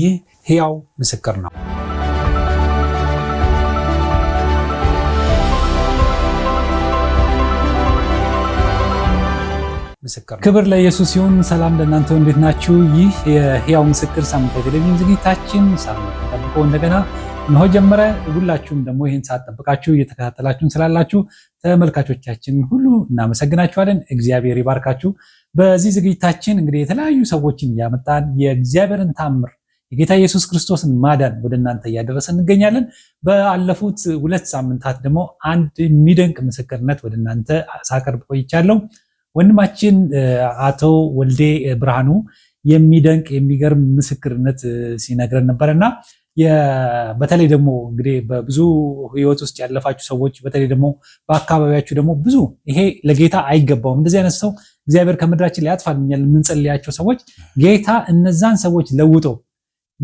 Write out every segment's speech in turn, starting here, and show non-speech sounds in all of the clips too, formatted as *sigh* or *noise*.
ይህ ሕያው ምስክር ነው። ክብር ለኢየሱስ ይሁን። ሰላም ለእናንተ እንዴት ናችሁ? ይህ የሕያው ምስክር ሳምንታዊ ቴሌቪዥን ዝግጅታችን ሳምንት ጠብቆ እንደገና እንሆ ጀመረ። ሁላችሁም ደግሞ ይህን ሰዓት ጠብቃችሁ እየተከታተላችሁን ስላላችሁ ተመልካቾቻችን ሁሉ እናመሰግናችኋለን። እግዚአብሔር ይባርካችሁ። በዚህ ዝግጅታችን እንግዲህ የተለያዩ ሰዎችን እያመጣን የእግዚአብሔርን ታምር የጌታ ኢየሱስ ክርስቶስን ማዳን ወደ እናንተ እያደረሰ እንገኛለን። በአለፉት ሁለት ሳምንታት ደግሞ አንድ የሚደንቅ ምስክርነት ወደ እናንተ ሳቀርብ ቆይቻለሁ። ወንድማችን አቶ ወልዴ ብርሃኑ የሚደንቅ የሚገርም ምስክርነት ሲነግረን ነበር እና በተለይ ደግሞ እንግዲህ በብዙ ህይወት ውስጥ ያለፋችሁ ሰዎች በተለይ ደግሞ በአካባቢያችሁ ደግሞ ብዙ ይሄ ለጌታ አይገባውም እንደዚህ አይነት ሰው እግዚአብሔር ከምድራችን ላይ ያጥፋልኛል የምንጸልያቸው ሰዎች ጌታ እነዛን ሰዎች ለውጠው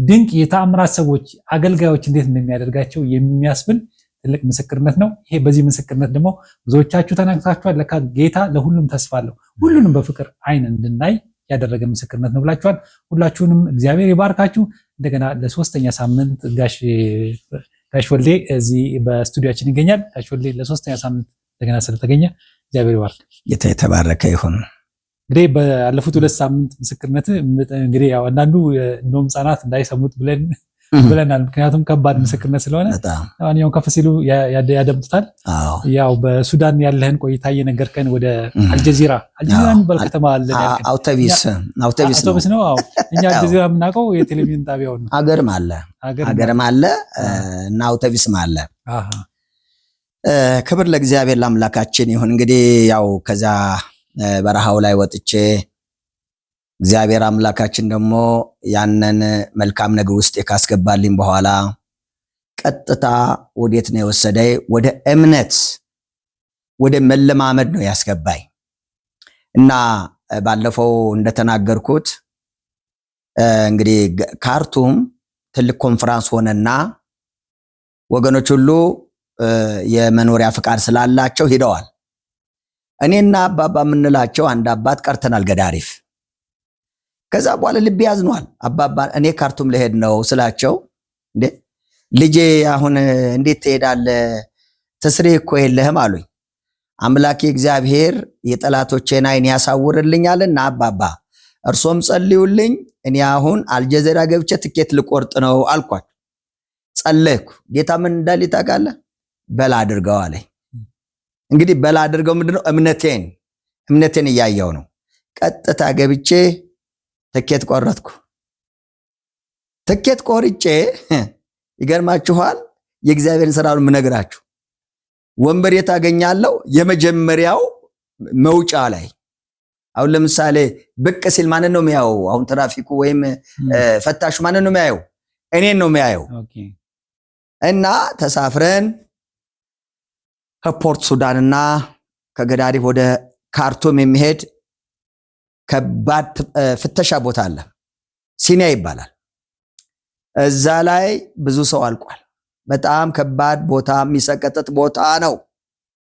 ድንቅ የተአምራት ሰዎች አገልጋዮች እንዴት እንደሚያደርጋቸው የሚያስብል ትልቅ ምስክርነት ነው። ይሄ በዚህ ምስክርነት ደግሞ ብዙዎቻችሁ ተነግታችኋል። ለካ ጌታ ለሁሉም ተስፋ አለው፣ ሁሉንም በፍቅር አይን እንድናይ ያደረገ ምስክርነት ነው ብላችኋል። ሁላችሁንም እግዚአብሔር ይባርካችሁ። እንደገና ለሶስተኛ ሳምንት ጋሽ ወልዴ እዚህ በስቱዲያችን ይገኛል። ጋሽ ወልዴ ለሶስተኛ ሳምንት እንደገና ስለተገኘ እግዚአብሔር ይባርክ። የተባረከ ይሁን። እንግዲህ ባለፉት ሁለት ሳምንት ምስክርነት እንግዲህ ያው አንዳንዱ እንደውም ህጻናት እንዳይሰሙት ብለን ብለናል። ምክንያቱም ከባድ ምስክርነት ስለሆነ ማንኛውም ከፍ ሲሉ ያደምጡታል። ያው በሱዳን ያለህን ቆይታ እየነገርከን ወደ አልጀዚራ አልጀዚራ የሚባል ከተማ አለ። ነው። አዎ እኛ አልጀዚራ የምናውቀው የቴሌቪዥን ጣቢያው ነው። አገርም አለ አገርም አለ እና አውቶቢስም አለ። ክብር ለእግዚአብሔር ለአምላካችን ይሁን። እንግዲህ ያው ከዛ በረሃው ላይ ወጥቼ እግዚአብሔር አምላካችን ደግሞ ያንን መልካም ነገር ውስጥ ካስገባልኝ በኋላ ቀጥታ ወዴት ነው የወሰደኝ? ወደ እምነት ወደ መለማመድ ነው ያስገባኝ እና ባለፈው እንደተናገርኩት እንግዲህ ካርቱም ትልቅ ኮንፈራንስ ሆነና ወገኖች ሁሉ የመኖሪያ ፍቃድ ስላላቸው ሂደዋል። እኔና አባባ የምንላቸው አንድ አባት ቀርተናል ገዳሪፍ። ከዛ በኋላ ልቤ ያዝኗል። አባባ እኔ ካርቱም ልሄድ ነው ስላቸው እንዴ ልጄ አሁን እንዴት ትሄዳለህ? ትስሬ እኮ የለህም አሉኝ። አምላኬ እግዚአብሔር የጠላቶቼን ዓይን ያሳውርልኛልና አባባ እርሶም ጸልዩልኝ፣ እኔ አሁን አልጀዜራ ገብቼ ትኬት ልቆርጥ ነው አልኳቸው። ጸለይኩ። ጌታ ምን እንዳል ይታቃለ በላ አድርገው አለኝ። እንግዲህ በላ አድርገው ምንድነው እምነቴን እምነቴን እያየው ነው። ቀጥታ ገብቼ ትኬት ቆረጥኩ። ትኬት ቆርጬ *laughs* ይገርማችኋል፣ የእግዚአብሔርን ስራ ምነግራችሁ ወንበር የታገኛለው የመጀመሪያው መውጫ ላይ አሁን ለምሳሌ ብቅ ሲል ማንን ነው የሚያየው? አሁን ትራፊኩ ወይም ፈታሹ ማንን ነው የሚያየው? እኔን ነው የሚያየው። እና ተሳፍረን ከፖርት ሱዳንና ከገዳሪፍ ወደ ካርቱም የሚሄድ ከባድ ፍተሻ ቦታ አለ። ሲኒያ ይባላል። እዛ ላይ ብዙ ሰው አልቋል። በጣም ከባድ ቦታ፣ የሚሰቀጥጥ ቦታ ነው።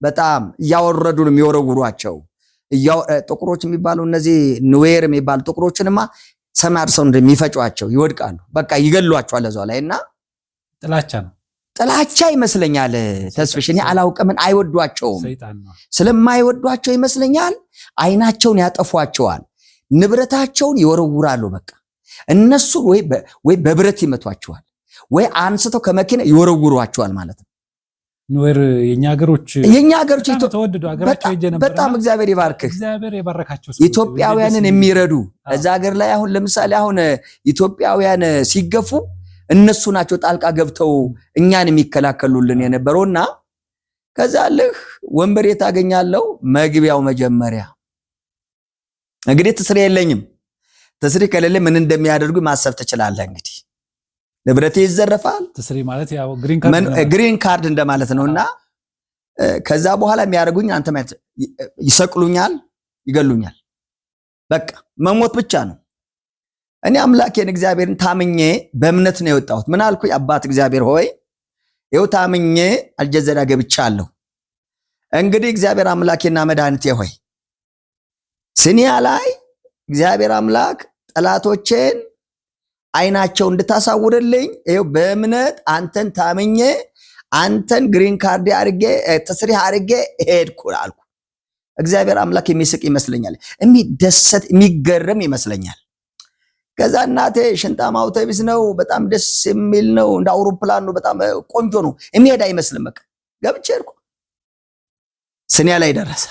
በጣም እያወረዱ ነው የሚወረውሯቸው። ጥቁሮች የሚባሉ እነዚህ ኑዌር የሚባሉ ጥቁሮችንማ ሰማር ሰው ይወድቃሉ። በቃ ይገሏቸዋል እዛ ላይ እና ጥላቻ ነው ጥላቻ ይመስለኛል። ተስፍሽ እኔ አላውቅምን አይወዷቸውም። ስለማይወዷቸው ይመስለኛል አይናቸውን ያጠፏቸዋል፣ ንብረታቸውን ይወረውራሉ። በቃ እነሱን ወይ በብረት ይመቷቸዋል፣ ወይ አንስተው ከመኪና ይወረውሯቸዋል ማለት ነው። ኖር የኛ ሀገሮች የኛ ሀገሮች በጣም እግዚአብሔር ይባርክህ። ኢትዮጵያውያንን የሚረዱ እዛ ሀገር ላይ አሁን ለምሳሌ አሁን ኢትዮጵያውያን ሲገፉ እነሱ ናቸው ጣልቃ ገብተው እኛን የሚከላከሉልን የነበረውና ከዛ ልህ ወንበር የታገኛለው መግቢያው መጀመሪያ እንግዲህ ትስሪ የለኝም። ትስሪ ከሌለ ምን እንደሚያደርጉ ማሰብ ትችላለህ። እንግዲህ ንብረቴ ይዘረፋል። ትስሪ ማለት ያው ግሪን ካርድ እንደማለት ነውና ከዛ በኋላ የሚያደርጉኝ አንተ ይሰቅሉኛል፣ ይገሉኛል። በቃ መሞት ብቻ ነው። እኔ አምላኬን እግዚአብሔርን ታምኜ በእምነት ነው የወጣሁት። ምን አልኩኝ? አባት እግዚአብሔር ሆይ ይው ታምኜ አልጀዘዳ ገብቻለሁ። እንግዲህ እግዚአብሔር አምላኬና መድኃኒቴ ሆይ ሲኒያ ላይ እግዚአብሔር አምላክ ጠላቶቼን አይናቸው እንድታሳውርልኝ ይው በእምነት አንተን ታምኜ አንተን ግሪን ካርድ አርጌ ጥስሪ አርጌ ሄድኩ አልኩ። እግዚአብሔር አምላክ የሚስቅ ይመስለኛል፣ የሚደሰት የሚገርም ይመስለኛል። ከዛ እናቴ ሽንጣም አውቶቢስ ነው፣ በጣም ደስ የሚል ነው፣ እንደ አውሮፕላን ነው፣ በጣም ቆንጆ ነው፣ የሚሄድ አይመስልም። በቃ ገብቼ ሄድኩ። ስኒያ ላይ ደረሰ።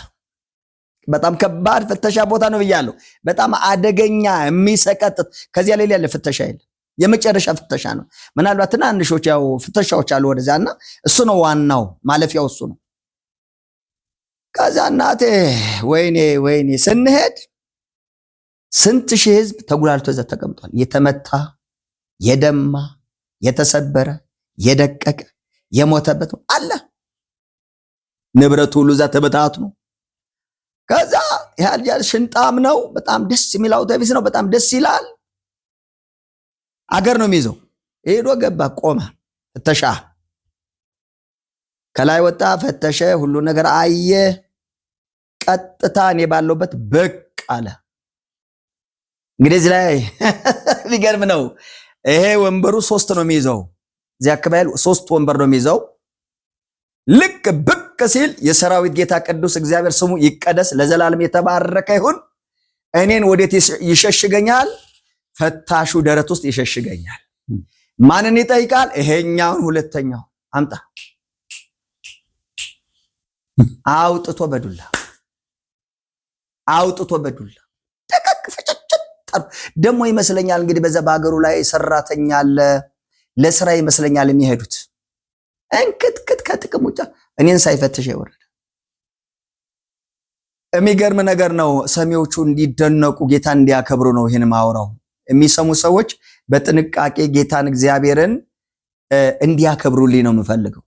በጣም ከባድ ፍተሻ ቦታ ነው ብያለሁ። በጣም አደገኛ የሚሰቀጥት ከዚያ ሌላ ያለ ፍተሻ የለም። የመጨረሻ ፍተሻ ነው። ምናልባት ትናንሾች ያው ፍተሻዎች አሉ ወደዚያ እና እሱ ነው ዋናው ማለፊያው እሱ ነው። ከዛ እናቴ ወይኔ ወይኔ ስንሄድ ስንት ሺህ ህዝብ ተጉላልቶ እዛ ተቀምጧል። የተመታ የደማ የተሰበረ የደቀቀ የሞተበት አለ። ንብረቱ ሁሉ እዛ ነው። ከዛ ያህል ሽንጣም ነው። በጣም ደስ የሚል አውቶቢስ ነው። በጣም ደስ ይላል። አገር ነው የሚይዘው። ሄዶ ገባ፣ ቆመ፣ ፍተሻ ከላይ ወጣ፣ ፈተሸ፣ ሁሉ ነገር አየ። ቀጥታ እኔ ባለውበት ብቅ አለ። እንግዲህ እዚህ ላይ ሊገርም *laughs* ነው። ይሄ ወንበሩ ሶስት ነው የሚይዘው፣ እዚህ አካባቢ ሶስት ወንበር ነው የሚይዘው። ልክ ብቅ ሲል የሰራዊት ጌታ ቅዱስ እግዚአብሔር ስሙ ይቀደስ ለዘላለም የተባረከ ይሁን። እኔን ወዴት ይሸሽገኛል? ፈታሹ ደረት ውስጥ ይሸሽገኛል። ማንን ይጠይቃል? ይሄኛውን ሁለተኛው አምጣ አውጥቶ በዱላ አውጥቶ በዱላ ቀርብ ደግሞ ይመስለኛል እንግዲህ በዛ በሀገሩ ላይ ሰራተኛ አለ ለስራ ይመስለኛል የሚሄዱት እንክትክት ከጥቅም ውጭ እኔን ሳይፈትሽ የወረደ የሚገርም ነገር ነው። ሰሚዎቹ እንዲደነቁ ጌታ እንዲያከብሩ ነው ይህን ማውራው። የሚሰሙ ሰዎች በጥንቃቄ ጌታን እግዚአብሔርን እንዲያከብሩልኝ ነው የምፈልገው።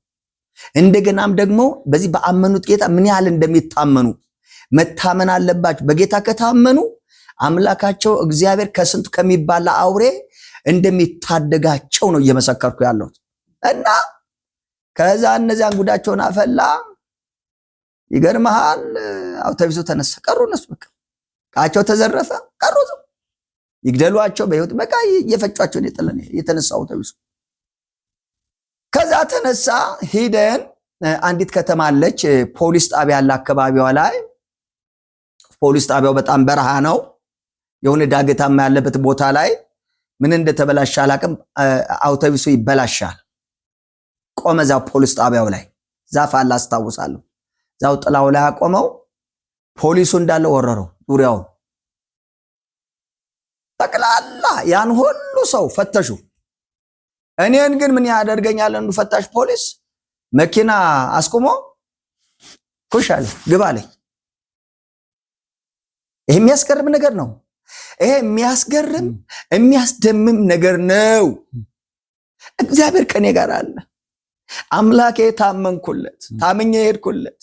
እንደገናም ደግሞ በዚህ በአመኑት ጌታ ምን ያህል እንደሚታመኑ መታመን አለባቸው። በጌታ ከታመኑ አምላካቸው እግዚአብሔር ከስንቱ ከሚባል አውሬ እንደሚታደጋቸው ነው እየመሰከርኩ ያለሁት። እና ከዛ እነዚያን ጉዳቸውን አፈላ። ይገርመሃል፣ አውቶቢሱ ተነሳ፣ ቀሩ እነሱ በቃ ቃቸው ተዘረፈ፣ ቀሩ። ይግደሏቸው በህይወት በቃ የጠለን የተነሳ አውቶቢሱ። ከዛ ተነሳ ሂደን አንዲት ከተማ አለች፣ ፖሊስ ጣቢያ ያለ አካባቢዋ ላይ ፖሊስ ጣቢያው በጣም በረሃ ነው። የሆነ ዳገታማ ያለበት ቦታ ላይ ምን እንደተበላሸ አላቅም። አውቶቢሱ ይበላሻል። ቆመ። እዛው ፖሊስ ጣቢያው ላይ ዛፍ አለ አስታውሳለሁ። እዛው ጥላው ላይ አቆመው። ፖሊሱ እንዳለ ወረረው ዙሪያውን ጠቅላላ ያን ሁሉ ሰው ፈተሹ። እኔን ግን ምን ያደርገኛል እንዱ ፈታሽ ፖሊስ መኪና አስቁሞ ኩሻል አለ ግባ አለኝ። ይህ የሚያስገርም ነገር ነው። ይሄ የሚያስገርም የሚያስደምም ነገር ነው። እግዚአብሔር ከኔ ጋር አለ። አምላኬ ታመንኩለት፣ ታምኜ ሄድኩለት።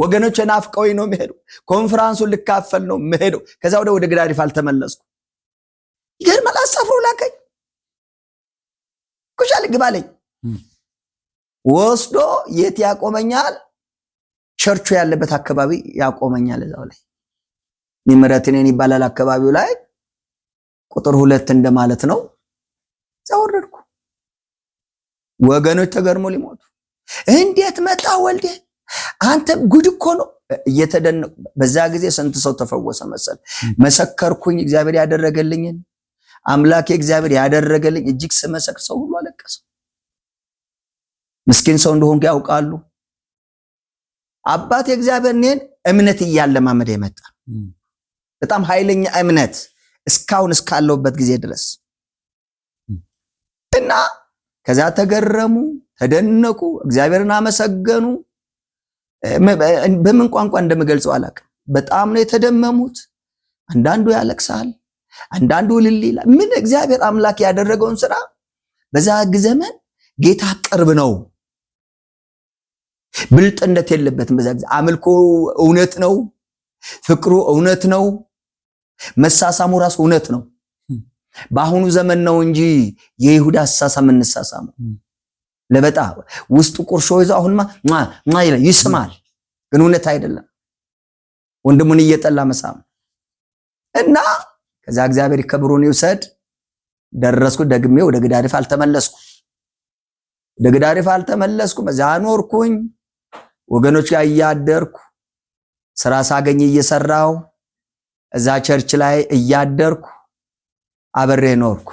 ወገኖች ናፍቀውኝ ነው የምሄደው። ኮንፈራንሱን ልካፈል ነው የምሄደው። ከዛ ወደ ወደ ግዳሪፍ አልተመለስኩ። ይገርማል። አሳፍሮ ላከኝ። ኩሻል ግባለኝ ወስዶ የት ያቆመኛል? ቸርቹ ያለበት አካባቢ ያቆመኛል። እዛው ላይ ሚምረትኔን ይባላል አካባቢው ላይ ቁጥር ሁለት እንደማለት ነው። ዛወረድኩ ወገኖች ተገርሞ ሊሞቱ እንዴት መጣ ወልዴ አንተ ጉድ እኮ ነው እየተደነቁ በዛ ጊዜ ስንት ሰው ተፈወሰ መሰል። መሰከርኩኝ እግዚአብሔር ያደረገልኝን አምላኬ እግዚአብሔር ያደረገልኝ እጅግ ስመሰክር ሰው ሁሉ አለቀሰ። ምስኪን ሰው እንደሆንኩ ያውቃሉ። አባት እግዚአብሔር እኔን እምነት እያለማመደ የመጣ በጣም ኃይለኛ እምነት እስካሁን እስካለውበት ጊዜ ድረስ እና ከዚያ ተገረሙ፣ ተደነቁ፣ እግዚአብሔርን አመሰገኑ። በምን ቋንቋ እንደምገልጸው አላውቅም። በጣም ነው የተደመሙት። አንዳንዱ ያለቅሳል፣ አንዳንዱ ልል ይላል። ምን እግዚአብሔር አምላክ ያደረገውን ስራ በዛ ዘመን ጌታ ቅርብ ነው። ብልጥነት የለበትም። በዛ ጊዜ አምልኮ እውነት ነው፣ ፍቅሩ እውነት ነው። መሳሳሙ ራሱ እውነት ነው። በአሁኑ ዘመን ነው እንጂ የይሁዳ አሳሳም እንሳሳሙ ለበጣ ውስጡ ቁርሾ ይዞ አሁንማ ይስማል፣ ግን እውነት አይደለም። ወንድሙን እየጠላ መሳም እና ከዛ እግዚአብሔር ክብሩን ይውሰድ። ደረስኩ ደግሜ ወደ ግዳሪፍ አልተመለስኩ ወደ ግዳሪፍ አልተመለስኩ። በዛ ኖርኩኝ ወገኖች ጋር እያደርኩ ስራ ሳገኝ እየሰራው እዛ ቸርች ላይ እያደርኩ አብሬ ኖርኩ።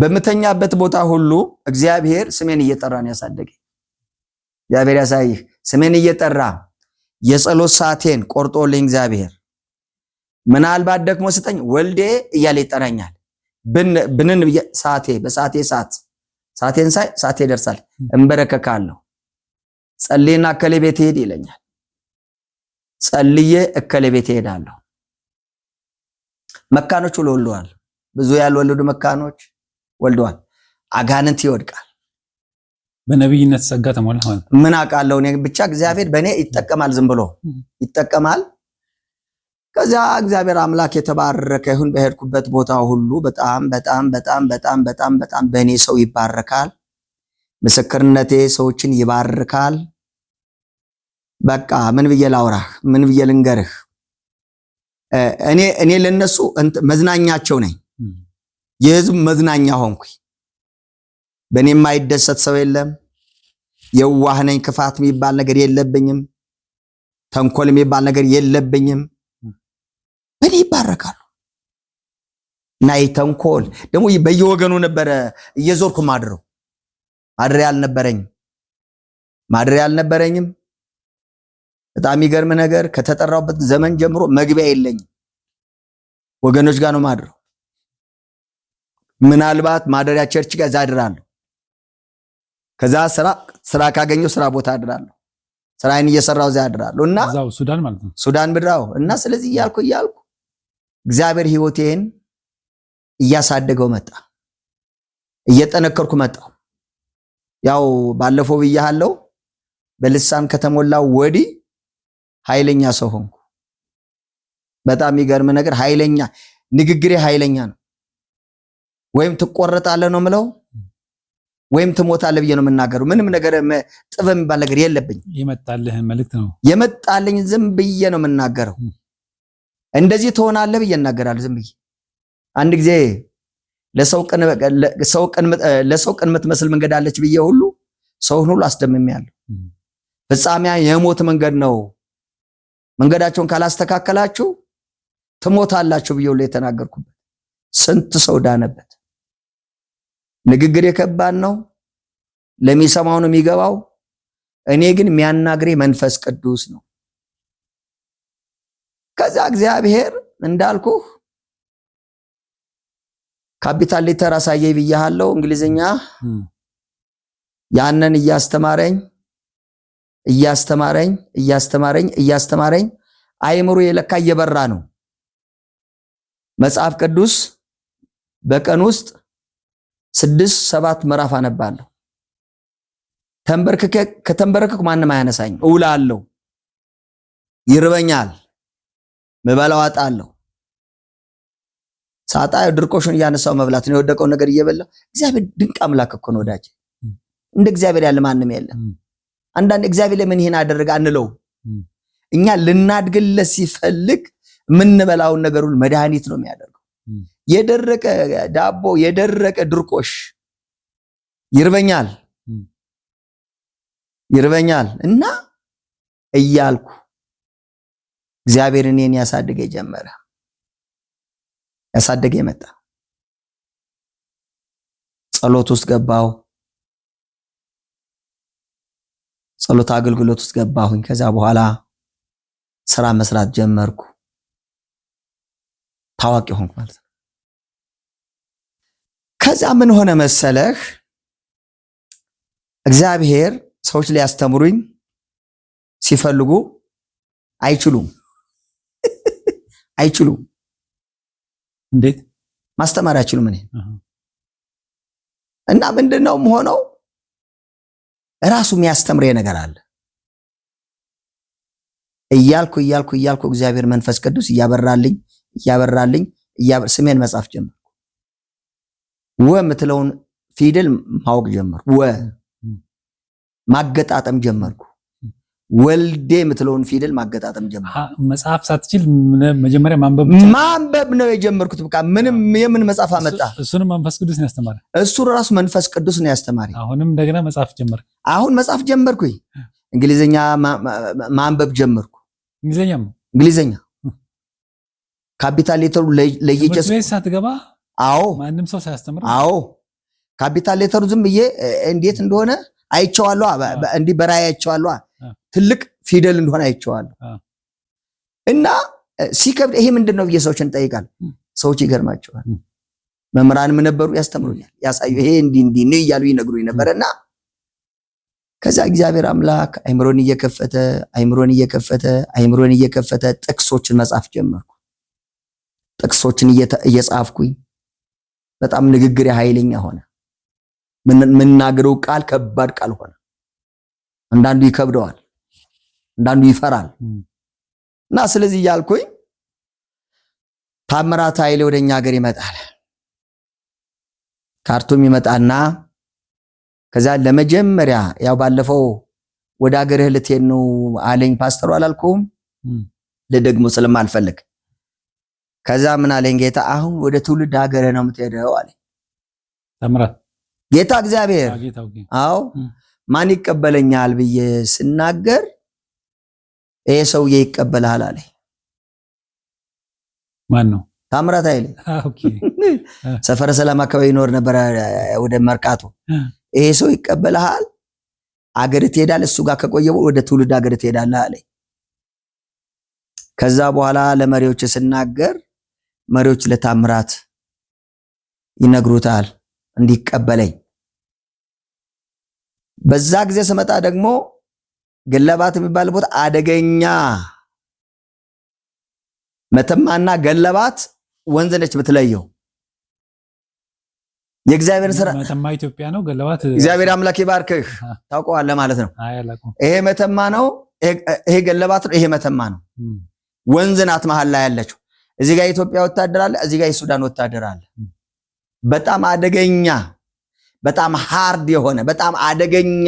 በምተኛበት ቦታ ሁሉ እግዚአብሔር ስሜን እየጠራ ነው ያሳደገ። እግዚአብሔር ያሳይህ። ስሜን እየጠራ የጸሎት ሰዓቴን ቆርጦልኝ እግዚአብሔር ምናልባት ደግሞ ስጠኝ ወልዴ እያለ ይጠራኛል። ብንን ሰዓቴ በሰዓቴ ሰዓት ሰዓቴን ሳይ ሰዓቴ ይደርሳል እንበረከካለሁ። ጸልዬና እከሌ ቤት ሄድ ይለኛል። ጸልዬ እከሌ ቤት ሄዳለሁ። መካኖች ወልደዋል። ብዙ ያልወለዱ መካኖች ወልደዋል። አጋንንት ይወድቃል። በነቢይነት ጸጋ ተሞላ ማለት ምን አውቃለሁ እኔ ብቻ እግዚአብሔር በእኔ ይጠቀማል፣ ዝም ብሎ ይጠቀማል። ከዚያ እግዚአብሔር አምላክ የተባረከ ይሁን። በሄድኩበት ቦታ ሁሉ በጣም በጣም በጣም በጣም በጣም በጣም በእኔ ሰው ይባረካል። ምስክርነቴ ሰዎችን ይባርካል። በቃ ምን ብዬ ላውራህ? ምን ብዬ ልንገርህ? እኔ እኔ ለነሱ መዝናኛቸው ነኝ፣ የህዝብ መዝናኛ ሆንኩኝ። በእኔ የማይደሰት ሰው የለም። የዋህ ነኝ። ክፋት የሚባል ነገር የለብኝም። ተንኮል የሚባል ነገር የለብኝም። በእኔ ይባረካሉ። ናይ ተንኮል ደግሞ በየወገኑ ነበረ እየዞርኩ ማድረው ማድሬ አልነበረኝም ማድሬ አልነበረኝም። በጣም የሚገርም ነገር ከተጠራውበት ዘመን ጀምሮ መግቢያ የለኝም። ወገኖች ጋር ነው ማድረው። ምናልባት ማደሪያ ቸርች ጋር እዛ አድራለሁ። ከዛ ስራ ስራ ካገኘው ስራ ቦታ አድራለሁ። ስራዬን እየሰራው እዛ አድራለሁ እና ሱዳን ማለት ነው ሱዳን ምድራው እና ስለዚህ እያልኩ እያልኩ እግዚአብሔር ህይወቴን እያሳደገው መጣ። እየጠነከርኩ መጣው። ያው ባለፈው ብያሃለው በልሳን ከተሞላው ወዲህ ኃይለኛ ሰው ሆንኩ። በጣም የሚገርም ነገር ኃይለኛ ንግግሬ ኃይለኛ ነው። ወይም ትቆረጣለህ ነው ምለው ወይም ትሞታለህ ብዬ ነው የምናገረው። ምንም ነገር ጥበብ የሚባል ነገር የለብኝ። የመጣልህን መልእክት ነው የመጣልኝ። ዝም ብዬ ነው የምናገረው። እንደዚህ ትሆናለህ ብዬ እናገራለሁ። ዝም ብዬ አንድ ጊዜ ለሰው ቅን የምትመስል መንገድ አለች ብዬ ሁሉ ሰውን ሁሉ አስደምሜያለሁ። ፍጻሜያ የሞት መንገድ ነው መንገዳቸውን ካላስተካከላችሁ ትሞታላችሁ ብዬ ሁሉ የተናገርኩበት ስንት ሰው ዳነበት። ንግግር የከባድ ነው፣ ለሚሰማው ነው የሚገባው። እኔ ግን የሚያናግሬ መንፈስ ቅዱስ ነው። ከዛ እግዚአብሔር እንዳልኩህ ካፒታል ሌተር አሳየኝ ብያሃለው፣ እንግሊዝኛ ያንን እያስተማረኝ እያስተማረኝ እያስተማረኝ እያስተማረኝ አይምሮ የለካ እየበራ ነው። መጽሐፍ ቅዱስ በቀን ውስጥ ስድስት ሰባት ምዕራፍ አነባለሁ። ተንበርክከ ከተንበረከኩ ማንም አያነሳኝ። እውላለሁ፣ ይርበኛል፣ ምበላው አጣለሁ። ሳጣ ድርቆሹን እያነሳው መብላት ነው። የወደቀውን ነገር እየበላ እግዚአብሔር ድንቅ አምላክ እኮ ነው ወዳጅ። እንደ እግዚአብሔር ያለ ማንም የለም። አንዳንድ እግዚአብሔር ለምን ይህን አደረገ አንለው። እኛ ልናድግለት ሲፈልግ የምንበላውን ነገር ሁሉ መድኃኒት ነው የሚያደርገው። የደረቀ ዳቦ፣ የደረቀ ድርቆሽ ይርበኛል ይርበኛል እና እያልኩ እግዚአብሔር እኔን ያሳድገ ጀመረ ያሳደገ የመጣ ጸሎት ውስጥ ገባው። ጸሎት አገልግሎት ውስጥ ገባሁኝ። ከዛ በኋላ ስራ መስራት ጀመርኩ። ታዋቂ ሆንኩ ማለት ነው። ከዛ ምን ሆነ መሰለህ እግዚአብሔር ሰዎች ሊያስተምሩኝ ሲፈልጉ አይችሉም *laughs* አይችሉም። እንዴት ማስተማር አይችሉም? እኔ እና ምንድነው ሆነው ራሱ የሚያስተምር ነገር አለ እያልኩ እያልኩ እያልኩ እግዚአብሔር መንፈስ ቅዱስ እያበራልኝ እያበራልኝ ስሜን መጻፍ ጀመርኩ። ወ የምትለውን ፊደል ማወቅ ጀመርኩ። ወ ማገጣጠም ጀመርኩ። ወልዴ የምትለውን ፊደል ማገጣጠም ጀመር። መጽሐፍ ሳትችል መጀመሪያ ማንበብ ማንበብ ነው የጀመርኩት። በቃ ምንም የምን መጽሐፍ አመጣ? እሱንም መንፈስ ቅዱስ ነው ያስተማረ። እሱ ራሱ መንፈስ ቅዱስ ነው ያስተማረ። አሁንም እንደገና መጽሐፍ ጀመር። አሁን መጽሐፍ ጀመርኩ። እንግሊዘኛ ማንበብ ጀመርኩ። እንግሊዝኛ እንግሊዝኛ ካፒታል ሌተሩ ለየጨስ ሳትገባ። አዎ ማንም ሰው ሳያስተምር። አዎ ካፒታል ሌተሩ ዝም ብዬ እንዴት እንደሆነ አይቼዋለሁ። እንዲህ በራእይ አይቼዋለሁ። ትልቅ ፊደል እንደሆነ አይቼዋለሁ። እና ሲከብድ ይሄ ምንድን ነው ብዬ ሰዎች እንጠይቃል። ሰዎች ይገርማቸዋል። መምህራንም ነበሩ ያስተምሩኛል፣ ያሳዩ ይሄ እንዲህ እንዲህ ነው እያሉ ይነግሩኝ ነበር እና ከዛ እግዚአብሔር አምላክ አይምሮን እየከፈተ አይምሮን እየከፈተ አይምሮን እየከፈተ ጥቅሶችን መጻፍ ጀመርኩ። ጥቅሶችን እየጻፍኩኝ በጣም ንግግር ኃይለኛ ሆነ። የምናገረው ቃል ከባድ ቃል ሆነ። አንዳንዱ ይከብደዋል። አንዳንዱ ይፈራል እና ስለዚህ እያልኩኝ ታምራት ኃይሌ ወደ እኛ ሀገር ይመጣል። ካርቱም ይመጣና ከዛ ለመጀመሪያ ያው ባለፈው ወደ ሀገርህ ልትሄድ ነው አለኝ ፓስተሩ አላልኩም ልደግሞ ስለማልፈልግ ከዛ ምን አለኝ ጌታ አሁን ወደ ትውልድ ሀገርህ ነው የምትሄደው አለኝ ጌታ እግዚአብሔር አዎ ማን ይቀበለኛል ብዬ ስናገር ይሄ ሰውዬ ይቀበልሃል አለ። ማን ነው? ታምራት ኃይሌ ሰፈረ ሰላም አካባቢ ይኖር ነበር። ወደ መርካቶ ይሄ ሰው ይቀበልሃል፣ አገር ትሄዳል። እሱ ጋር ከቆየ ወደ ትውልድ አገር ትሄዳል አለ። ከዛ በኋላ ለመሪዎች ስናገር መሪዎች ለታምራት ይነግሩታል እንዲቀበለኝ። በዛ ጊዜ ስመጣ ደግሞ ገለባት የሚባል ቦታ አደገኛ መተማና ገለባት ወንዝ ነች የምትለየው። የእግዚአብሔር ስራ መተማ ኢትዮጵያ ነው። ገለባት እግዚአብሔር አምላክ ይባርክህ። ታውቀዋለህ ማለት ነው። ይሄ መተማ ነው፣ ይሄ ገለባት ነው፣ ይሄ መተማ ነው። ወንዝ ናት መሀል ላይ ያለችው። እዚህ ጋር የኢትዮጵያ ወታደር አለ፣ እዚህ ጋር የሱዳን ወታደር አለ። በጣም አደገኛ፣ በጣም ሃርድ የሆነ በጣም አደገኛ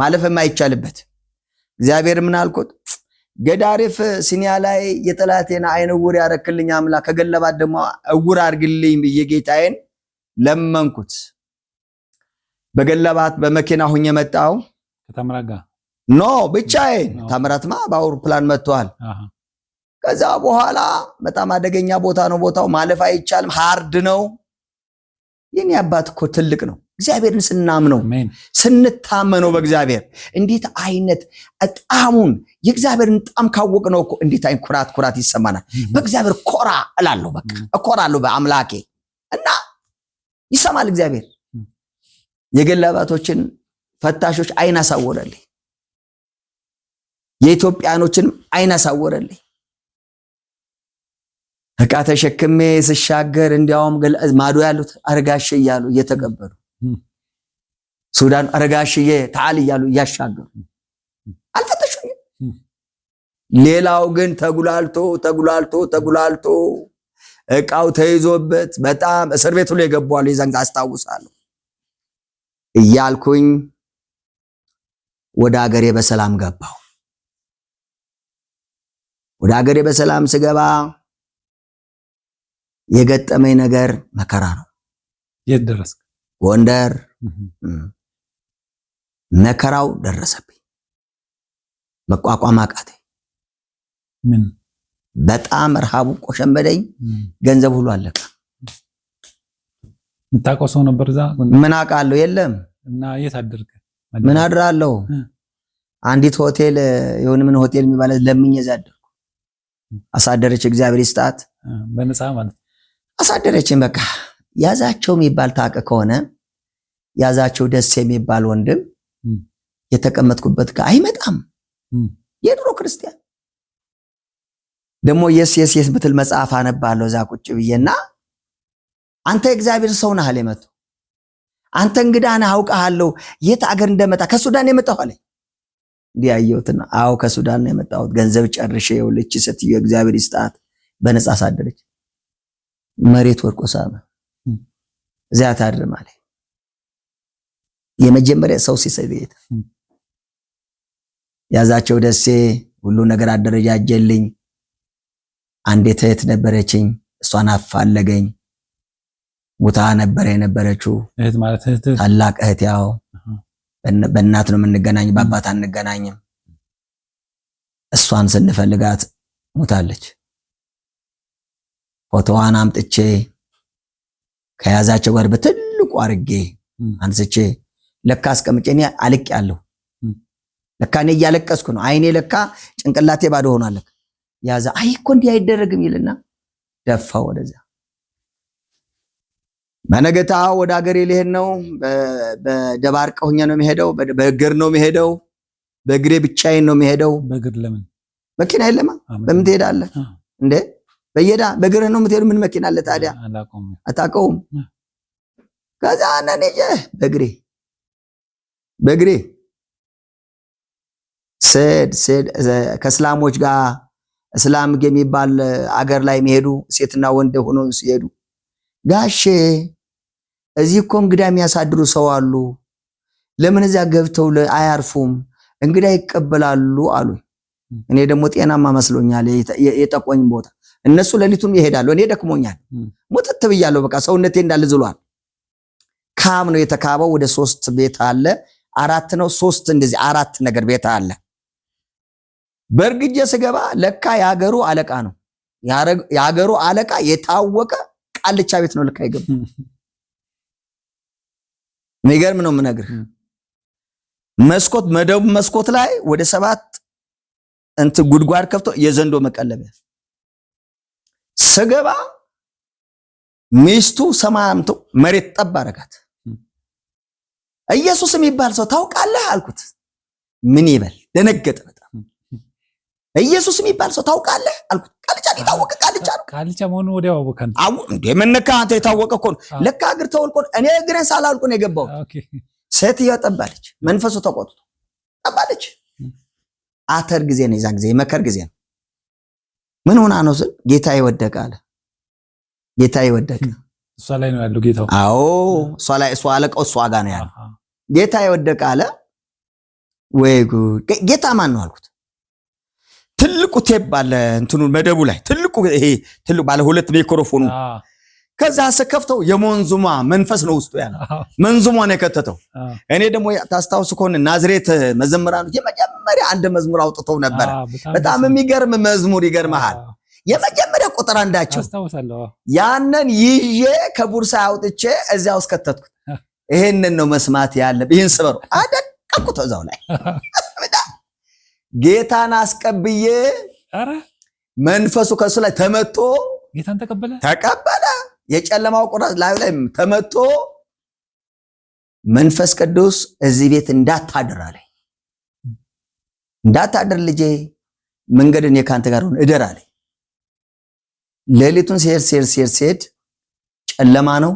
ማለፍ የማይቻልበት እግዚአብሔር ምን አልኩት? ገዳሪፍ ሲኒያ ላይ የጠላቴን አይን እውር ያረክልኝ አምላክ ከገለባት ደግሞ እውር አርግልኝ ብዬ ጌታዬን ለመንኩት። በገለባት በመኪና ሁኝ የመጣው ኖ ብቻዬን ታምራትማ በአውሮፕላን መጥተዋል። ከዛ በኋላ በጣም አደገኛ ቦታ ነው ቦታው፣ ማለፍ አይቻልም፣ ሃርድ ነው። የኔ አባት እኮ ትልቅ ነው። እግዚአብሔርን ስናምነው ስንታመነው በእግዚአብሔር እንዴት አይነት ጣዕሙን የእግዚአብሔርን ጣም ካወቅ ነው እኮ እንዴት አይነት ኩራት ኩራት ይሰማናል። በእግዚአብሔር ኮራ እላለሁ፣ በቃ እኮራለሁ በአምላኬ እና ይሰማል እግዚአብሔር። የገላ አባቶችን ፈታሾች አይን አሳወረልኝ፣ የኢትዮጵያኖችንም አይን አሳወረልኝ። እቃ ተሸክሜ ስሻገር እንዲያውም ማዶ ያሉት አርጋሽ እያሉ እየተቀበሉ ሱዳን ረጋሽዬ ታል እያሉ እያሻገሩ አልፈተሹ። ሌላው ግን ተጉላልቶ ተጉላልቶ ተጉላልቶ እቃው ተይዞበት በጣም እስር ቤት ሁሉ የገቧሉ። የዛን አስታውሳለሁ እያልኩኝ ወደ አገሬ በሰላም ገባው ወደ አገሬ በሰላም ስገባ የገጠመኝ ነገር መከራ ነው። የት ደረስክ? ጎንደር መከራው ደረሰብኝ። መቋቋም አቃቴ። በጣም ረሃቡ ቆሸመደኝ። ገንዘብ ሁሉ አለቀ። የምታውቀው ሰው ነበር እዛ? ምን አውቃለሁ፣ የለም። እና የት አደርክ? ምን አድራለሁ? አንዲት ሆቴል የሆነ ምን ሆቴል የሚባለ ለምኝ እዛ አደርኩ። አሳደረች፣ እግዚአብሔር ይስጣት። በነፃ ማለት አሳደረችን በቃ ያዛቸው የሚባል ታውቅ ከሆነ ያዛቸው ደስ የሚባል ወንድም የተቀመጥኩበት ጋር አይመጣም። የድሮ ክርስቲያን ደግሞ የስ የስ የስ ምትል መጽሐፍ አነባለሁ እዛ ቁጭ ብዬና አንተ እግዚአብሔር ሰው ነህ አለ መጥቶ አንተ እንግዳ ነህ አውቀሃለሁ፣ የት አገር እንደመጣ ከሱዳን የመጣሁ አለ። እንዲህ ያየሁትና አዎ ከሱዳን ነው የመጣሁት፣ ገንዘብ ጨርሼ የውልች ሴትዮ እግዚአብሔር ይስጣት በነጻ ሳደረች መሬት ወርቆ ሳመ። እዚያ ታድር ማለት የመጀመሪያ ሰው ሲሰብ ቤት ያዛቸው ደሴ ሁሉ ነገር አደረጃጀልኝ። አንዴ እህት ነበረችኝ፣ እሷን አፋለገኝ። ሙታ ነበረ የነበረችው ታላቅ እህት። ያው በእናት ነው የምንገናኝ፣ በአባት አንገናኝም። እሷን ስንፈልጋት ሙታለች። ፎቶዋን አምጥቼ ከያዛቸው ጋር በትልቁ አርጌ አንስቼ ለካ አስቀምጬ እኔ አልቅ ያለሁ ለካ እኔ እያለቀስኩ ነው። አይኔ ለካ ጭንቅላቴ ባዶ ሆኗል። ያዛ አይ እኮ እንዲህ አይደረግም ይልና ደፋ ወደዛ። በነገታ ወደ አገሬ ልሄድ ነው። በደባርቀ ሆኜ ነው የሚሄደው። በእግር ነው የሚሄደው። በእግሬ ብቻዬን ነው የሚሄደው። መኪና የለማ። በምን ትሄዳለህ እንዴ? በየዳ በእግርህ ነው የምትሄዱ። ምን መኪና አለ ታዲያ? አታውቀውም። ከዛ ጀ በግሬ በግሬ ስድ ስድ ከእስላሞች ጋር እስላም የሚባል አገር ላይ የሚሄዱ ሴትና ወንድ ሆኖ ሲሄዱ ጋሼ እዚህ እኮ እንግዳ የሚያሳድሩ ሰው አሉ። ለምን እዚያ ገብተው አያርፉም? እንግዳ ይቀበላሉ አሉ። እኔ ደግሞ ጤናማ መስሎኛል የጠቆኝ ቦታ እነሱ ሌሊቱን ይሄዳሉ። እኔ ደክሞኛል፣ ሙጥት ብያለሁ። በቃ ሰውነቴ እንዳለ ዝሏል። ካም ነው የተካበው። ወደ ሶስት ቤት አለ፣ አራት ነው ሶስት፣ እንደዚህ አራት ነገር ቤት አለ። በእርግጄ ስገባ ለካ የሀገሩ አለቃ ነው። የሀገሩ አለቃ የታወቀ ቃልቻ ቤት ነው ለካ ይገባ። የሚገርም ነው የምነግርህ። መስኮት መደቡ መስኮት ላይ ወደ ሰባት እንትን ጉድጓድ ከፍቶ የዘንዶ መቀለቢያ ስገባ ሚስቱ ሰማምቶ መሬት ጠብ አረጋት። ኢየሱስ የሚባል ሰው ታውቃለህ አልኩት። ምን ይበል ደነገጠ በጣም። ኢየሱስ የሚባል ሰው ታውቃለህ አልኩት። ቃልቻ የታወቀ ቃልቻ ነው። ቃልቻ መሆኑ ወዲያው አወቀን። ምነካ አንተ የታወቀ እኮ ነው። ለካ እግር ተወልቆ እኔ እግሬን ሳላውልቁ ነው የገባሁት። ሴትዮዋ ጠባለች። መንፈሱ ተቆጥቶ ጠባለች። አተር ጊዜ ነው፣ የዛን ጊዜ የመከር ጊዜ ነው። ምን ሆና ነው ስል ጌታ ይወደቀ አለ። ጌታ ይወደቀ እሷ ላይ ነው ያለው ጌታው። አዎ እሷ ላይ እሷ አለቀው እሷ ጋር ነው ያለው ጌታ ይወደቀ አለ። ወይ ጉድ ጌታ ማን ነው አልኩት። ትልቁ ቴፕ አለ እንትኑ መደቡ ላይ ትልቁ ይሄ ትልቁ ባለ ሁለት ማይክሮፎኑ ከዛ ስከፍተው የመንዙማ መንፈስ ነው ውስጡ ያለ መንዙማን የከተተው። እኔ ደግሞ ታስታውስ ከሆነ ናዝሬት መዘምራኖች የመጀመሪያ አንድ መዝሙር አውጥተው ነበር። በጣም የሚገርም መዝሙር ይገርመሃል። የመጀመሪያ ቁጥር አንዳቸው ያንን ይዤ ከቡርሳ አውጥቼ እዚያ ውስጥ ከተትኩት። ይሄንን ነው መስማት ያለ ይህን ስበሩ አደቀኩት እዛው ላይ ጌታን አስቀብዬ መንፈሱ ከእሱ ላይ ተመቶ ጌታን ተቀበለ ተቀበለ የጨለማው ቁራጭ ላዩ ላይ ተመቶ መንፈስ ቅዱስ እዚህ ቤት እንዳታድር አለኝ። እንዳታድር ልጄ መንገድ እኔ ጋር ሆነ እደር አለኝ። ሌሊቱን ሲሄድ ሲሄድ ሲሄድ ሲሄድ ጨለማ ነው።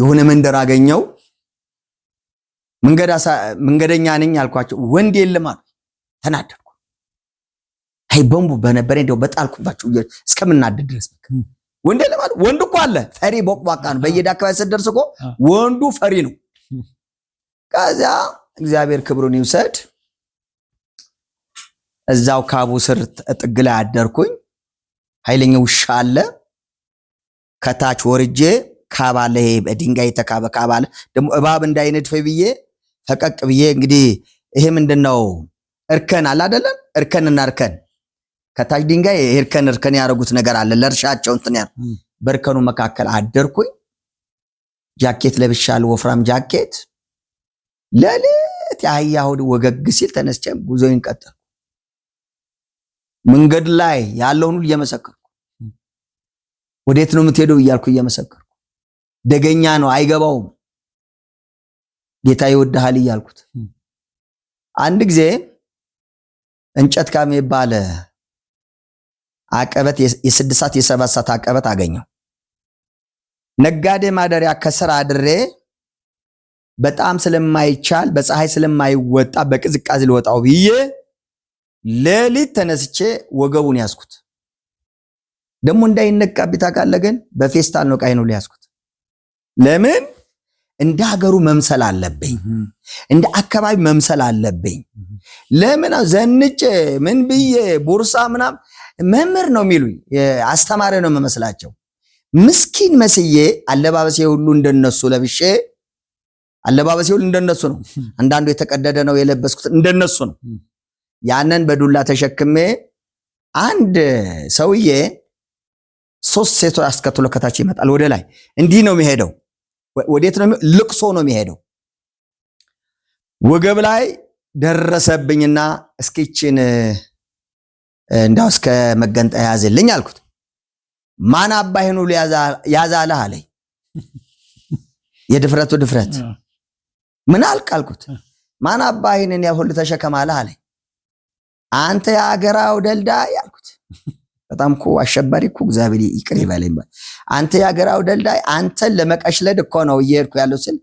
የሆነ መንደር አገኘው። መንገደኛ ነኝ አልኳቸው። ወንድ የለም አሉ። ተናደድኩ። አይ በንቡ በነበረ እንደው በጣልኩባቸው እስከምናደድ ድረስ ወንዴ ለማለት ወንድ እኮ አለ ፈሪ ቦቅቧቃ ነው። በየዳ አካባቢ ስትደርስ እኮ ወንዱ ፈሪ ነው። ከዚያ እግዚአብሔር ክብሩን ይውሰድ። እዛው ካቡ ስር ጥግ ላይ አደርኩኝ። ኃይለኛ ውሻ አለ። ከታች ወርጄ ካባለ ይሄ በድንጋይ የተካበ ካባለ ደግሞ እባብ እንዳይነድፈ ብዬ ፈቀቅ ብዬ እንግዲህ ይሄ ምንድን ነው እርከን አለ አይደለም እርከንና እርከን ከታች ድንጋይ እርከን እርከን ያደረጉት ነገር አለ። ለእርሻቸው እንትን ያ በእርከኑ መካከል አደርኩኝ። ጃኬት ለብሻል፣ ወፍራም ጃኬት። ለሌት የአህያ ሆድ ወገግ ሲል ተነስቼ ጉዞዬን ቀጠልኩ። መንገድ ላይ ያለውን ሁሉ እየመሰከርኩ ወዴት ነው የምትሄደው እያልኩ እየመሰከርኩ፣ ደገኛ ነው አይገባውም፣ ጌታ ይወድሃል እያልኩት አንድ ጊዜ እንጨት ካሜ ባለ አቀበት የስድስት ሰዓት የሰባት ሰዓት አቀበት አገኘው። ነጋዴ ማደሪያ ከስራ አድሬ በጣም ስለማይቻል በፀሐይ ስለማይወጣ በቅዝቃዜ ልወጣው ብዬ ሌሊት ተነስቼ ወገቡን ያዝኩት። ደግሞ እንዳይነቃብኝ ታውቃለህ። ግን በፌስታል ነው ቃይ ነው ሊያዝኩት። ለምን እንደ ሀገሩ መምሰል አለብኝ፣ እንደ አካባቢ መምሰል አለብኝ። ለምን ዘንጬ ምን ብዬ ቦርሳ ምናምን መምህር ነው የሚሉኝ፣ አስተማሪ ነው የምመስላቸው። ምስኪን መስዬ አለባበሴ ሁሉ እንደነሱ ለብሼ አለባበሴ ሁሉ እንደነሱ ነው። አንዳንዱ የተቀደደ ነው የለበስኩት፣ እንደነሱ ነው። ያንን በዱላ ተሸክሜ አንድ ሰውዬ ሶስት ሴቶ አስከትሎ ከታች ይመጣል ወደ ላይ። እንዲህ ነው የሚሄደው። ወዴት ነው? ልቅሶ ነው የሚሄደው። ወገብ ላይ ደረሰብኝና እስኪችን እንዳው እስከ መገንጠያ ያዝልኝ አልኩት። ማን አባህን ሁሉ ያዛለህ አለኝ። የድፍረቱ ድፍረት ምን አልክ አልኩት። ማን ያ ሁሉ ተሸከማለህ አለኝ። አንተ የአገራው ደልዳይ አልኩት። በጣም እኮ አሸባሪ እኮ እግዚአብሔር ይቅር ይበለኝ። አንተ የአገራው ደልዳይ፣ አንተን ለመቀሽለድ እኮ ነው እየሄድኩ ያለው ስል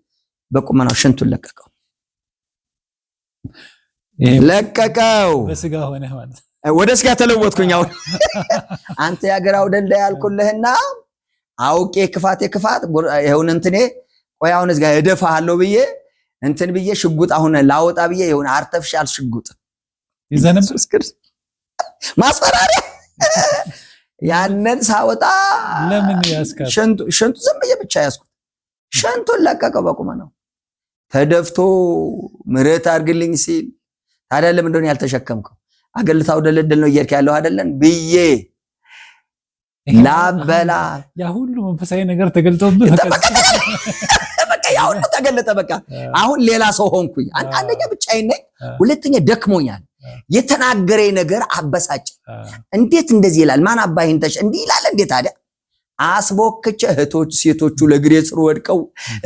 በቁመናው ሽንቱን ለቀቀው ለቀቀው። በስጋ ሆነ ማለት ወደ ስጋ ተለወጥኩኝ። አሁን *laughs* አንተ የአገር አውደልዳ ያልኩልህና አውቄ ክፋቴ ክፋት ይሁን እንትኔ ቆይ አሁን እዚጋ እደፋሃለሁ ብዬ እንትን ብዬ ሽጉጥ አሁን ላወጣ ብዬ ይሁን አርተፍሻል ሽጉጥ ይዘንም ማስፈራሪያ *laughs* ያንን ሳወጣ ሽንቱ ዝም ብዬ ብቻ ያዝኩት። ሽንቱን ለቀቀው በቁመ ነው ተደፍቶ ምሕረት አድርግልኝ ሲል ታዲያ ለምን እንደሆነ ያልተሸከምከው አገልታው ደለደል ነው እየሄድክ ያለው አይደለን ብዬ ላበላ ያ ሁሉ መንፈሳዊ ነገር ተገልጦብህ በቃ ያ ሁሉ ተገለጠ። በቃ አሁን ሌላ ሰው ሆንኩኝ። አንደኛ ብቻዬን ነኝ፣ ሁለተኛ ደክሞኛል። የተናገረኝ ነገር አበሳጭ። እንዴት እንደዚህ ይላል? ማን አባይን ተሽ እንዲህ ይላል? እንዴት ታዲያ አስቦክቼ እህቶች ሴቶቹ ለእግሬ ጽሩ ወድቀው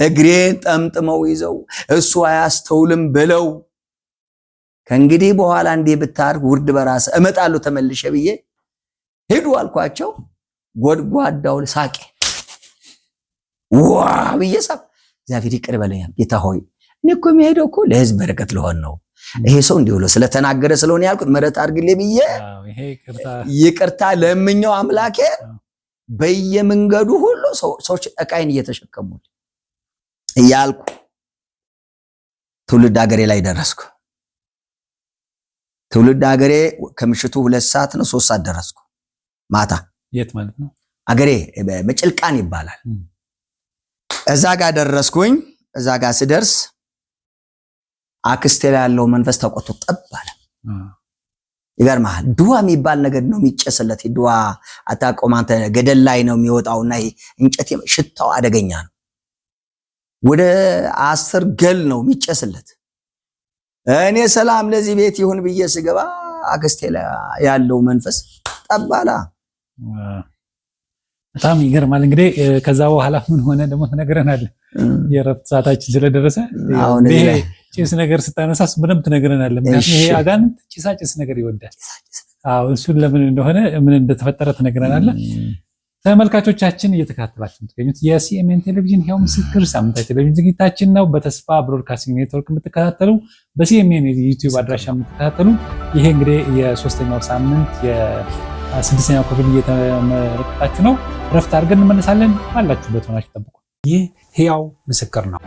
እግሬን ጠምጥመው ይዘው እሱ አያስተውልም ብለው ከእንግዲህ በኋላ እንዴ ብታርግ ውርድ በራስ እመጣለሁ ተመልሼ ብዬ ሄዱ አልኳቸው። ጎድጓዳው ሳቄ ዋ ብዬ ሳቅ። እግዚአብሔር ይቅር በለኝ ጌታ ሆይ እኔ እኮ የሚሄደው እኮ ለህዝብ በረከት ለሆን ነው። ይሄ ሰው እንዲህ ብሎ ስለተናገረ ስለሆነ ያልኩት ምሕረት አድርግልኝ ብዬ ይቅርታ ለምኛው አምላኬ በየመንገዱ ሁሉ ሰዎች እቃይን እየተሸከሙልኝ እያልኩ ትውልድ ሀገሬ ላይ ደረስኩ። ትውልድ ሀገሬ ከምሽቱ ሁለት ሰዓት ነው ሶስት ሰዓት ደረስኩ። ማታ የት ማለት ነው? አገሬ መጭልቃን ይባላል። እዛ ጋር ደረስኩኝ። እዛ ጋር ስደርስ አክስቴ ላይ ያለው መንፈስ ተቆጥቶ ጠብ አለ። ይገርምሃል፣ ድዋ የሚባል ነገር ነው የሚጨስለት። ድዋ አታውቀውም አንተ። ገደል ላይ ነው የሚወጣውና እንጨት ሽታው አደገኛ ነው። ወደ አስር ገል ነው የሚጨስለት እኔ ሰላም ለዚህ ቤት ይሁን ብዬ ስገባ አክስቴ ያለው መንፈስ ጠባላ። በጣም ይገርማል። እንግዲህ ከዛ በኋላ ምን ሆነ ደግሞ ትነግረናለህ። የረፍት ሰዓታችን ስለደረሰ ጭስ ነገር ስታነሳስ ምንም ትነግረናል። ምክንያቱም ይሄ አጋንንት ጭሳጭስ ነገር ይወዳል። እሱን ለምን እንደሆነ ምን እንደተፈጠረ ትነግረናለህ። ተመልካቾቻችን እየተከታተላችሁ የምትገኙት የሲኤምኤን ቴሌቪዥን ህያው ምስክር ሳምንታዊ ቴሌቪዥን ዝግጅታችን ነው። በተስፋ ብሮድካስቲንግ ኔትወርክ የምትከታተሉ በሲኤምኤን የዩቲዩብ አድራሻ የምትከታተሉ ይሄ እንግዲህ የሶስተኛው ሳምንት የስድስተኛው ክፍል እየተመለከታችሁ ነው። ረፍት አድርገን እንመለሳለን። ባላችሁበት ሆናችሁ ጠብቁ። ይህ ህያው ምስክር ነው።